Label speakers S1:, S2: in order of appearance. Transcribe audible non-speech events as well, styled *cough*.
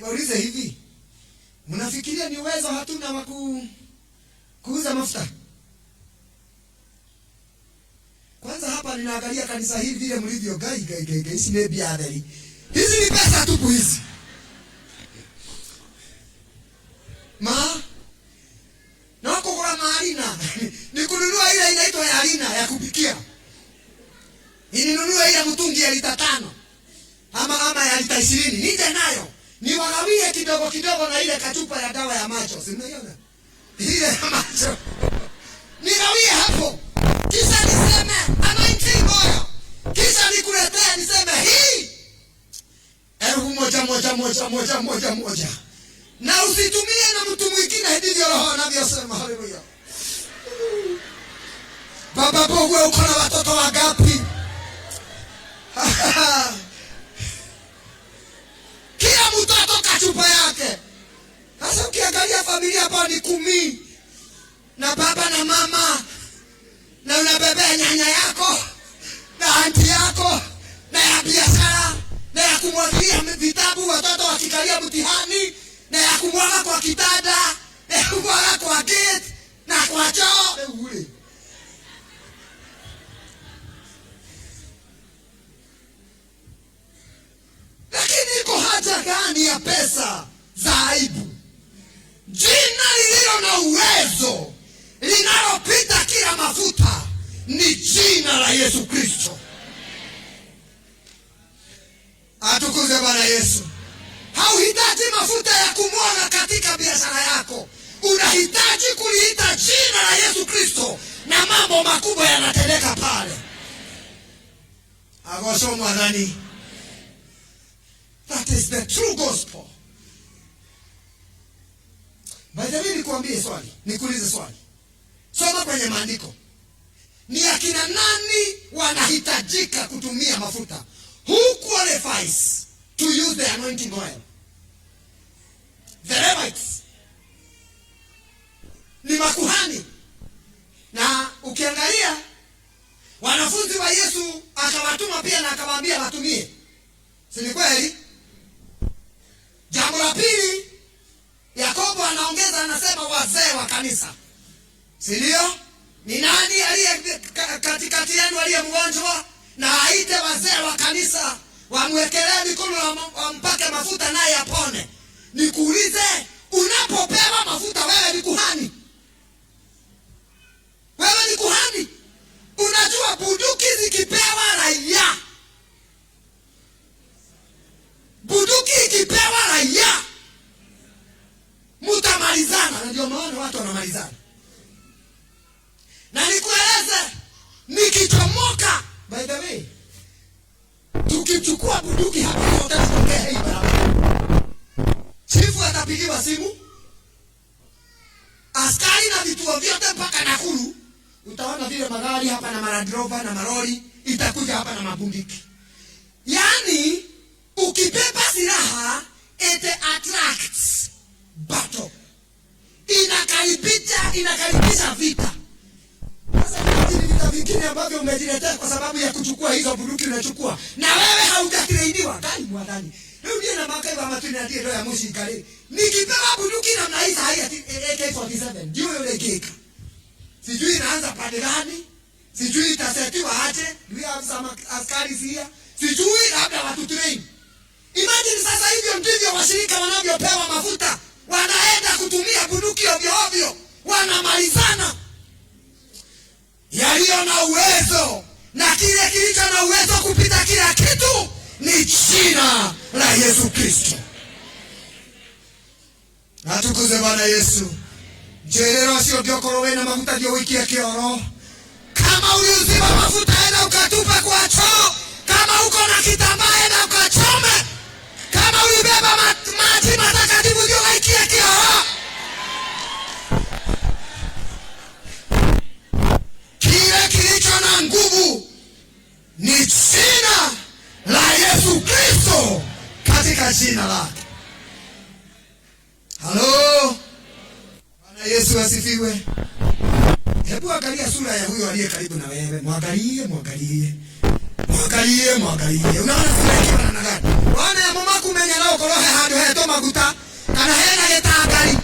S1: niwaulize hivi, mnafikiria ni uwezo hatuna wa kuuza mafuta? Kwanza hapa ninaangalia kanisa hili vile mlivyo gai gai gai gai, si nebi adhari. Hizi ni pesa tupu hizi. Ma na kukula maalina *laughs* ni kununua ile inaitwa ya alina ya kupikia. Ininunua ile mtungi ya lita tano ama ama ya lita 20 nije nayo ni niwagawie kidogo kidogo na ile kachupa ya dawa ya macho, si ile ya macho nigawie hapo, kisha niseme anointing moyo, kisha nikuletea niseme hii elfu moja moja moja moja moja moja, na usitumie na mtu mwingine. Ndivyo Roho anavyosema. Haleluya! Baba bogwe uko na watoto wangapi? ni kumi na baba na mama, na unabebea nyanya yako na anti yako na ya biashara na ya kumwagilia vitabu watoto wakikalia mtihani na ya kumwaga kwa kitanda na ya kumwaga kwa gate na kwa choo lakini iko haja gani ya pesa za aibu? na uwezo, linalopita kila mafuta ni jina la Yesu Kristo. Atukuze Bwana Yesu. Hauhitaji mafuta ya kumwaga katika biashara yako, unahitaji kuliita jina la Yesu Kristo na mambo makubwa yanatendeka pale. That is the true gospel. By the nikuambie swali, nikuulize swali. Soma kwenye maandiko, ni akina nani wanahitajika kutumia mafuta? Who qualifies to use the anointing oil? The Levites ni makuhani, na ukiangalia wanafunzi wa Yesu akawatuma pia na akawaambia watumie, si ni kweli? Jambo la pili yako anaongeza anasema, wazee wa kanisa, si ndio? Ni nani aliye katikati yenu aliye mgonjwa? Na aite wazee wa kanisa, wamwekelee mikono, wampake mafuta, naye apone. Nikuulize, unapopewa mafuta, wewe ni kuhani, wewe ni kuhani tunamalizana, na ndio maana watu wanamalizana. Na nikueleze, nikichomoka, by the way, tukichukua bunduki hapa yote tuongea hii barabara, chifu atapigiwa simu, askari na vituo vyote mpaka Nakuru. Utaona vile magari hapa na maradrova na marori itakuja hapa na mabundiki, yaani ukibeba silaha ete attracts battle. Tunaipita inakaribisha vita. Sasa vingine ambavyo umejiletea kwa sababu ya kuchukua hizo bunduki unachukua. Na wewe kali na ya moshi kale. Nikipewa bunduki na mnaisa AK47 ndio yule Sijui inaanza pande gani? Sijui itasetiwa aje? We have some askari Sijui labda watu train. Imagine sasa hivyo ndivyo washirika wanavyopewa mafuta wanaenda kutumia bunduki ovyo ovyo, wanamalizana. Yaliyo na uwezo na kile kilicho na uwezo kupita kila kitu ni jina la Yesu Kristo. Atukuze Bwana Yesu. njerero acio ngiokoro wina maguta gio wikie kioro kama uliuzima mafuta ena ukatupa Halo, Bwana Yesu asifiwe. Hebu angalia sura ya huyo aliye karibu na wewe, mwangalie, mwangalie, mwangalie, mwangalie. Unaona sura ikiwa na nani? Wana ya mama kumenya nao handu heto maguta kana hena getangari